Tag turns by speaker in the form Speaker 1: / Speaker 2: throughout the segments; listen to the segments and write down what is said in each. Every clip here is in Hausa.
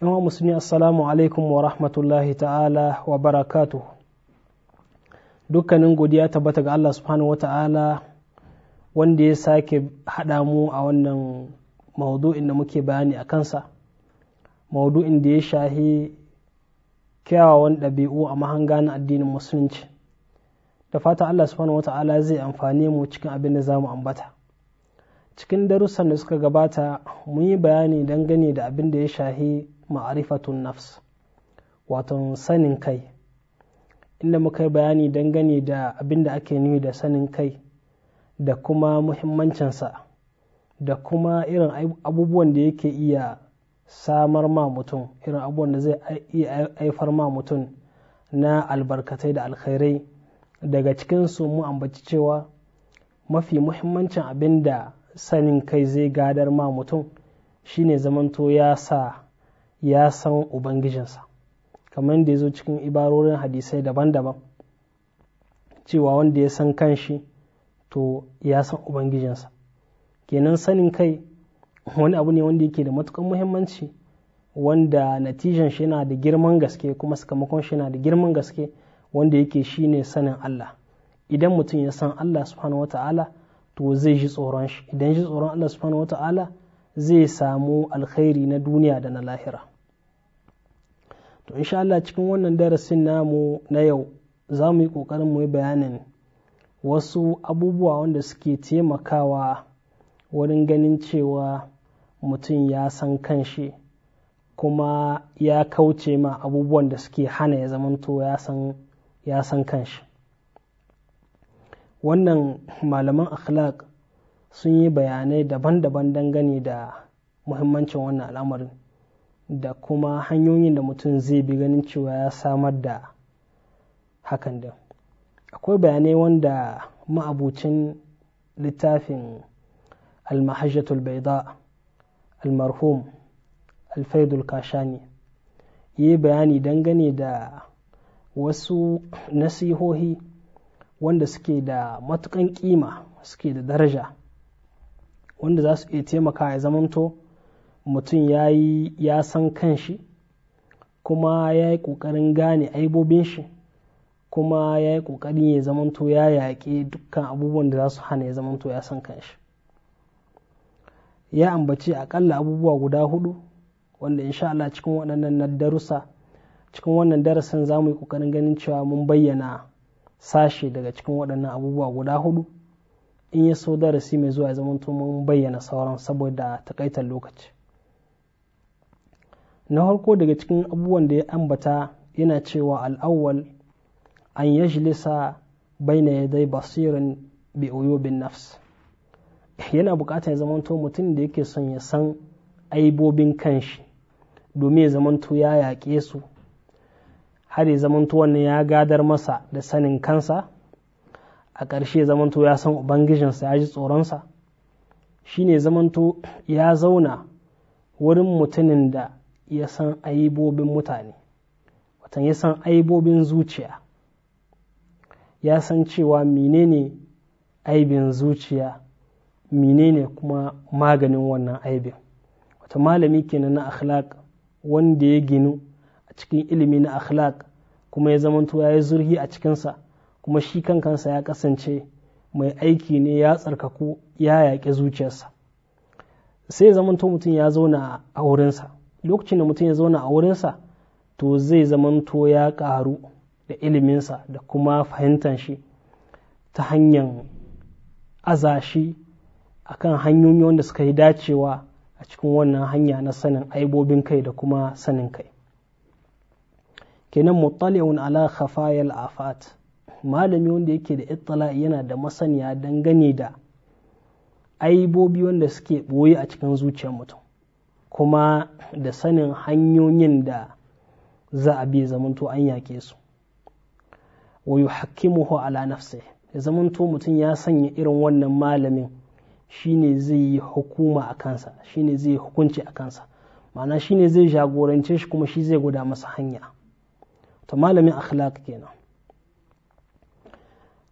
Speaker 1: wa musulmi assalamu alaikum wa rahmatullahi ta'ala wa barakatu dukkanin godiya tabbata ga Allah subhanahu ta'ala wanda ya sake haɗa mu a wannan maudu'in da muke bayani a kansa maudu'in da ya shahi kyawawan ɗabi'u a mahanga na addinin musulunci da fata Allah subhanahu ta'ala zai amfane mu cikin abin da za mu ambata cikin darussan da suka gabata mun yi bayani dangane da abin da ya shahi ma'arifatun nafs waton sanin kai inda muka yi bayani dangane da abin da ake nufi da sanin kai da kuma muhimmancinsa da kuma irin abubuwan da yake iya samar ma mutum irin abubuwan da zai iya haifar ma mutum na albarkatai da alkhairai daga cikinsu mu ambaci cewa mafi muhimmancin abin da sanin kai zai gadar ma mutum shine zamanto ya sa ya san ubangijinsa kamar da ya zo cikin ibarorin hadisai daban-daban cewa wanda ya san kanshi to ya san ubangijinsa kenan sanin kai wani abu ne wanda yake da matukan muhimmanci wanda natijan shi yana da girman gaske kuma sakamakon shi yana da girman gaske wanda yake ne sanin Allah idan mutum ya san Allah subhanahu wata'ala to zai ji tsoron shi idan ji tsoron Allah subhanahu wata'ala zai samu alkhairi na duniya da na lahira to Allah cikin wannan darasin namu na yau za mu yi ƙoƙarin mu yi bayanin wasu abubuwa wanda suke taimakawa wurin ganin cewa mutum ya san kanshi kuma ya kauce ma abubuwan da suke hana ya zamanto ya san kanshi wannan malaman akhlaq sun yi bayanai daban-daban dangane da muhimmancin wannan al'amarin da kuma hanyoyin da mutum zai bi ganin cewa ya samar da hakan din akwai bayanai wanda ma'abucin littafin almahajjatul baida almarhum alfaidul kashani yi bayani dangane da wasu nasihohi wanda suke da matukan kima suke da daraja wanda za su iya taimaka ya zamanto mutum ya yi ya san kanshi kuma ya yi ƙoƙarin gane aibobin shi kuma ya yi ƙoƙarin ya zamanto ya yaƙi dukkan abubuwan da za su hana ya zamanto ya san kanshi ya ambaci akalla abubuwa guda hudu wanda insha Allah cikin waɗannan darussa cikin wannan darasin za mu yi ƙoƙarin ganin cewa mun bayyana sashe daga cikin waɗannan abubuwa guda hudu in ya so darasi mai zuwa ya zamanto mun bayyana sauran saboda takaitar lokaci na harko daga cikin abubuwan da ya ambata yana cewa al'awwal an yajlisa baina yadai basirin bi uyubin nafs yana bukatar ya zamanto mutum da yake son ya san aibobin kanshi domin ya zamanto ya yaƙe su har ya zamanto wannan ya gadar masa da sanin kansa a ƙarshe zamanto ya san ubangijinsa ya ji tsoronsa ne zamanto ya zauna wurin mutumin da ya san aibobin mutane watan ya san aibobin zuciya ya san cewa menene aibin zuciya menene kuma maganin wannan aibin wata malami kenan na akhlaq wanda ya ginu a cikin ilimi na akhlaq kuma ya zamanto ya yi zurhi a cikinsa kuma shi kan kansa ya kasance mai aiki ne ya tsarkaku ya yaƙi zuciyarsa sai zamanto mutum ya zauna a wurinsa lokacin da mutum ya zauna a wurinsa to zai zamanto ya ƙaru da iliminsa da kuma fahimtar shi ta hanyar azashi a kan hanyoyi wanda suka yi dacewa a cikin wannan hanya na sanin aibobin kai da kuma sanin kai kenan muttaliyun ala khafayal afat malami wanda yake da ittila yana da masaniya dangane da aibobi wanda suke ɓoye a cikin zuciyar mutum kuma da sanin hanyoyin da za a bi zamanto an yake su wa yuhakkimuhu ala nafsi ya zamanto mutum ya sanya irin wannan malamin shine zai yi hukuma a kansa shine zai yi hukunci a kansa ma'ana shine zai jagorance shi kuma shi zai guda masa hanya ta malamin akhlaq kenan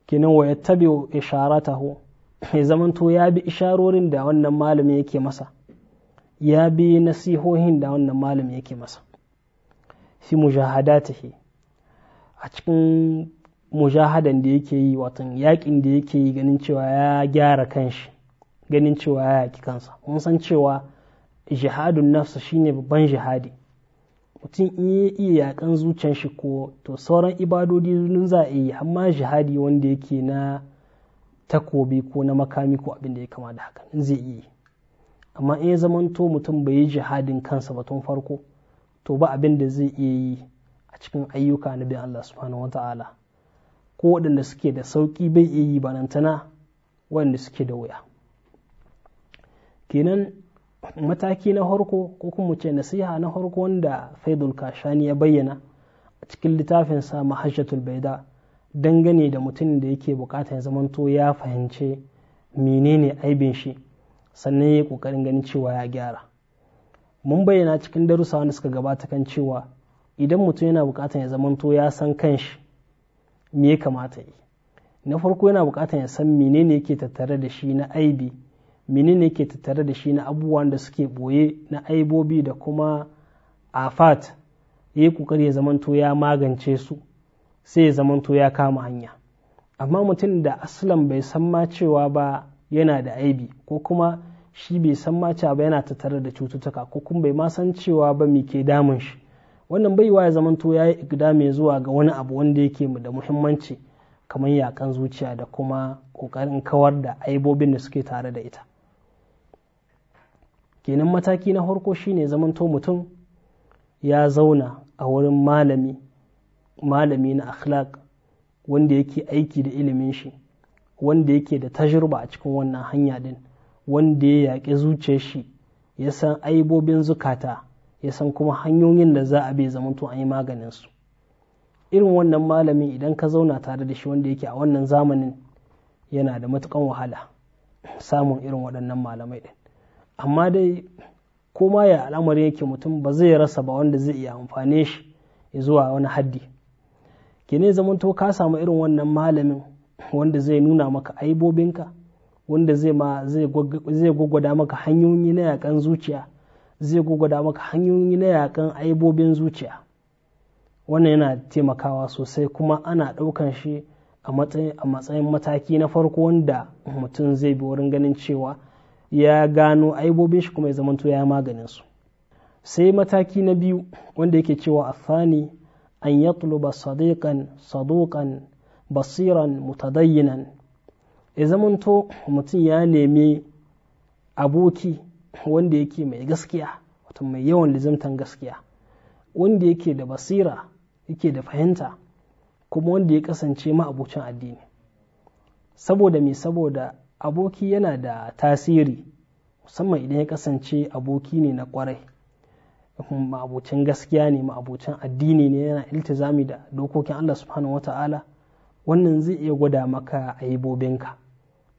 Speaker 1: kinan wa ya tabi isharatahu ya zamanto ya bi isharorin da wannan malami yake masa ya bi nasihohin da wannan malami yake masa fi mujahadatihi a cikin mujahadan da yake yi watan yakin da yake yi ganin cewa ya gyara kanshi ganin cewa ya yaki kansa mun san cewa jihadun nafsa shine babban jihadi mutum in ya iya yaƙan zuciyar shi ko to sauran ibadodi nun za a yi amma jihadi wanda yake na takobi ko na makami ko abin da ya kama da haka zai iya amma in ya zamanto mutum bai yi jihadin kansa ba tun farko to ba abin da zai iya yi a cikin ayyuka na bin Allah subhanahu wa ta'ala ko waɗanda suke da sauƙi bai iya yi tana waɗanda suke da wuya kenan mataki na harko ko kuma ce nasiha na harko wanda faidul kashani ya bayyana a cikin littafinsa mahajjatul baida dangane da mutum da yake bukatar zamanto ya fahimce menene aibin shi sannan ya yi kokarin ganin cewa ya gyara mun bayyana cikin darussa wanda suka gabata kan cewa idan mutum yana bukatar ya zamanto ya san kanshi me ya kamata yi na farko yana bukatar ya san menene yake tattare da shi na aibi menene ke tattare da shi na abubuwan da suke ɓoye na aibobi da kuma afat ya yi ƙoƙari ya zamanto ya magance su sai ya zamanto ya kama hanya amma mutum da aslan bai san ma cewa ba yana da aibi ko kuma shi bai san ma cewa ba yana tattare da cututtuka ko kuma bai ma san cewa ba me ke damun shi wannan baiwa ya zamanto ya yi mai zuwa ga wani abu wanda yake mu da muhimmanci kamar yakan zuciya da kuma ƙoƙarin kawar da aibobin da suke tare da ita kenan mataki na farko shine zamanto mutum ya zauna a wurin malami malami na akhlaq wanda yake aiki da ilimin shi wanda yake da tajirba a cikin wannan hanya din wanda ya yaƙi zuciyar shi ya san aibobin zukata ya san kuma hanyoyin da za a bai zamanto an yi maganin su irin wannan malamin idan ka zauna tare da shi wanda yake a wannan zamanin yana da matukan wahala samun irin waɗannan malamai ɗin amma dai ko ma ya al'amari yake mutum ba zai rasa ba wanda zai iya amfane shi ya zuwa wani haddi ke ne zamanto ka samu irin wannan malamin wanda zai nuna maka aibobinka wanda zai ma zai gwagwada maka hanyoyi na yakan zuciya zai gwagwada maka hanyoyi na yakan aibobin zuciya wannan yana taimakawa sosai kuma ana ɗaukan shi a matsayin mataki na farko wanda mutum zai bi wurin ganin cewa ya gano aibobin shi kuma ya zamanto ya maganin su sai mataki na biyu wanda yake cewa afani an ya tuluba sadiqan saduqan basiran mutadayyinan ya zamanto mutum ya nemi aboki wanda yake mai gaskiya wato mai yawan lizamtan gaskiya wanda yake da basira yake da fahimta kuma wanda ya kasance ma'abucin addini saboda me saboda aboki yana da tasiri musamman idan ya kasance aboki ne na kwarai ma'abocin gaskiya ne ma'abocin addini ne yana iltizami da dokokin Allah subhanahu ta'ala), wannan zai iya gwada maka aibobinka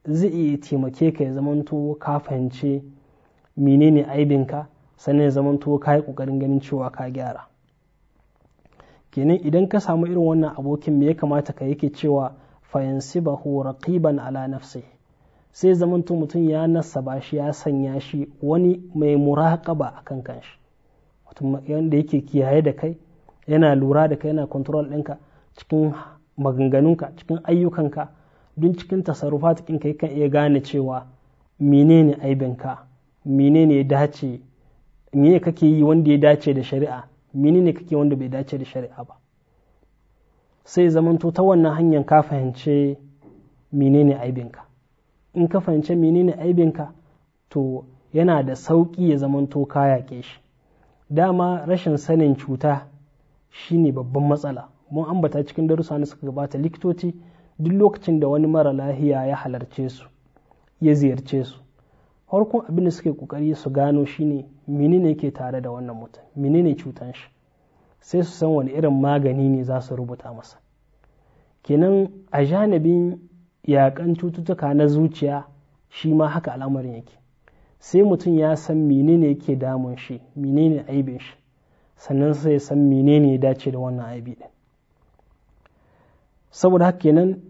Speaker 1: zai iya taimake ka ya zamanto ka fahimci menene aibinka sannan ya zamanto ka yi ƙoƙarin ganin cewa ka gyara kenan idan ka samu irin wannan abokin me ya kamata ka yake cewa fayansibahu raqiban ala nafsihi sai zamanto mutum ya nasaba shi ya sanya shi wani mai muraƙaba a kan kanshi wanda yake kiyaye da kai yana lura da kai yana kontrol ɗinka cikin maganganunka cikin ayyukanka don cikin tasarrufat kai kan iya gane cewa menene aibinka menene ya dace me kake yi wanda ya dace da shari'a menene kake wanda bai dace da shari'a ba sai zamanto ta wannan hanyar ka fahimce menene aibinka in ka fahimci menene aibinka to yana da sauƙi ya zamanto ka yaƙe shi dama rashin sanin cuta shine babban matsala mun ambata cikin darussa na suka gabata likitoci duk lokacin da wani mara lahiya ya halarce su ya ziyarce su farkon abin da suke kokari su gano shine menene yake tare da wannan mutum menene cutan shi sai su san wani irin magani ne za su rubuta masa kenan a janibin yaƙan cututtuka na zuciya shi ma haka al'amarin yake sai mutum ya san menene yake damun shi menene aibin shi sannan sai ya san menene ya dace da wannan aibi din saboda haka kenan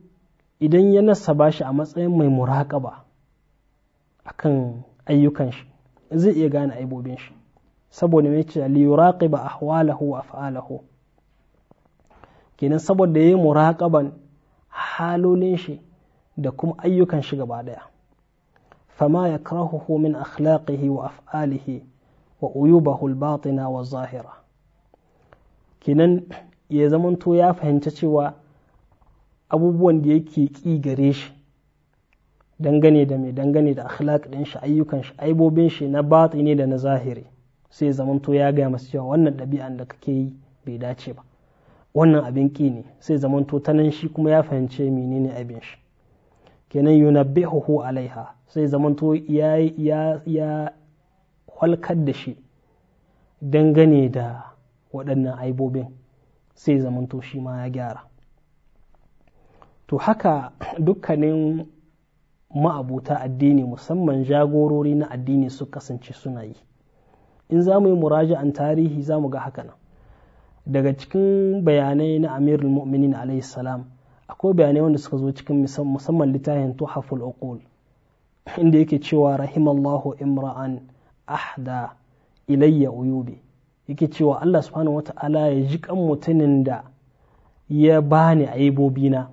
Speaker 1: idan ya nasaba shi a matsayin mai muraƙaba akan ayyukan shi zai iya gane aibobin shi saboda mai ce li yuraqiba ahwalahu wa af'alahu kenan saboda yayi muraqaban halolin shi da kuma ayyukan shi gaba daya fama ya krahuhu min akhlaqihi wa af'alihi wa uyubahu al-batina wa zahira kinan ya zamanto ya fahimci cewa abubuwan da yake ƙi gare shi dangane da mai dangane da akhlaq din shi ayyukan shi aibobin shi na batini da na zahiri sai zamanto ya gaya masu cewa wannan ɗabi'an da kake yi bai dace ba wannan abin ƙi ne sai zamanto ta nan shi kuma ya fahimce menene abin shi kenan yunabbihuhu alaiha sai zamanto ya ya halkar da shi dangane da waɗannan aibobin sai zamanto shi ma ya gyara to haka dukkanin ma'abuta addini musamman jagorori na addini su kasance suna yi in za mu yi muraja'an tarihi za mu ga haka nan daga cikin bayanai na amirul mu'minin salam akwai bayanai wanda suka zo cikin musamman littafin tuhaful uqul inda yake cewa rahimallahu imra'an ahda ilayya uyubi yake cewa Allah subhanahu wata'ala ya ji kan mutumin da ya bani aibobina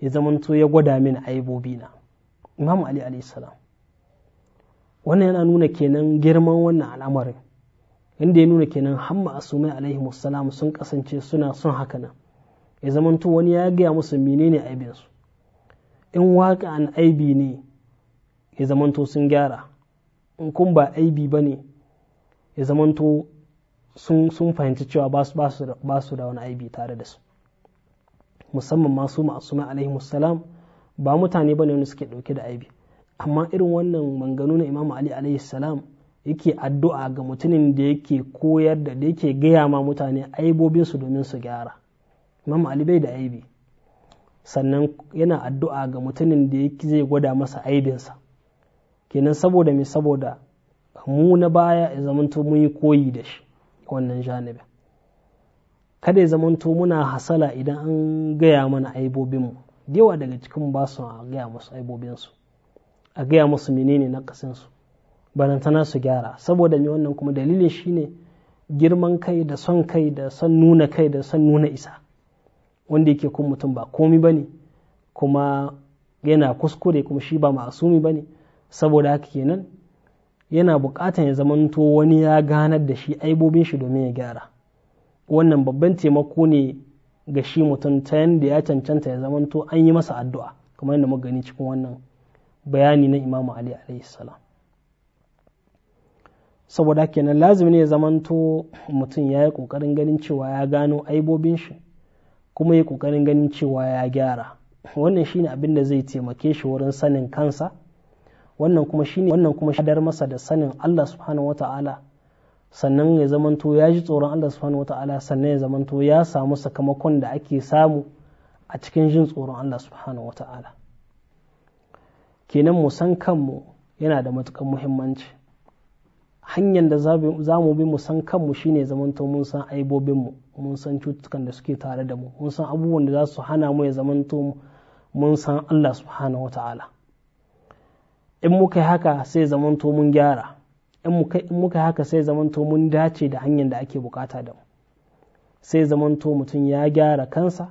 Speaker 1: ya zamanto ya gwada min aibobina imam ali alayhi salam wannan yana nuna kenan girman wannan al'amarin inda ya nuna kenan hamma asumai alaihi salam sun kasance suna son haka nan ya zamanto wani ya gaya musu menene aibinsu in waka an aibi ne ya zamanto sun gyara in kun ba aibi ba ne ya zamanto sun fahimci cewa ba su da wani aibi tare da su musamman masu ma'asuma alaihi salam ba mutane ba ne wani suke ɗauke da aibi amma irin wannan manganu na imamu ali alaihi salam yake addu'a ga mutumin da yake koyar da da yake gaya ma mutane aibobinsu domin su gyara imam ali bai da aibi sannan yana addu'a ga mutumin da yake zai gwada masa aibinsa kenan saboda me saboda mu na baya ya zamanto mun yi koyi da shi wannan janibin kada ya zamanto muna hasala idan an gaya mana aibobinmu yawa daga cikin ba su a gaya musu aibobinsu a gaya musu menene na kasinsu barantana su gyara saboda me wannan kuma dalilin shine girman kai da son kai da son nuna kai da son nuna isa wanda yake kun mutum ba komi ba ne kuma yana kuskure kuma shi ba ma'asumi ba ne saboda haka kenan yana bukatan ya zamanto wani ya ganar da shi aibobin shi domin ya gyara wannan babban taimako ne ga shi mutum ta yadda ya cancanta ya zamanto an yi masa addu'a kamar yadda muka gani cikin wannan bayani na Imam ali alayhi salam saboda kenan lazimi ne ya zamanto mutum ya yi kokarin ganin cewa ya gano aibobin shi kuma yi ƙoƙarin ganin cewa ya gyara wannan shine abin da zai taimake shi wurin sanin kansa wannan kuma shine wannan kuma shadar masa da sanin Allah subhanahu wata'ala sannan ya zamanto ya ji tsoron Allah subhanahu wata'ala sannan ya zamanto ya samu sakamakon da ake samu a cikin jin tsoron Allah subhanahu wata'ala kenan mu san kanmu yana da matuƙar muhimmanci hanyar da za mu bi mu san kanmu shine zamanto mun san aibobinmu mun san cututtukan da suke tare da mu mun san abubuwan da za su hana mu ya zamanto mun san Allah subhanahu wata'ala in muka yi haka sai zamanto mun gyara in muka yi haka sai zamanto mun dace da hanyar da ake bukata da mu sai zamanto mutum ya gyara kansa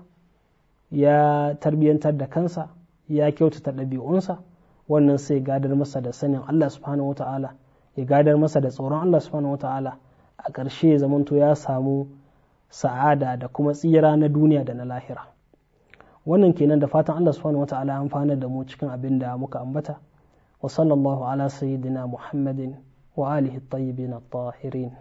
Speaker 1: ya tarbiyyantar da kansa ya kyautata ɗabi'unsa wannan sai gadar masa da sanin Allah subhanahu wata'ala ya gadar masa da tsoron Allah subhanahu wata'ala a ƙarshe zamanto ya samu sa'ada da kuma tsira na duniya da na lahira wannan kenan da fatan Allah subhanahu wata'ala amfanar da mu cikin abin da muka ambata wa sallallahu ala sayyidina muhammadin wa alihi tayyibin at-tahirin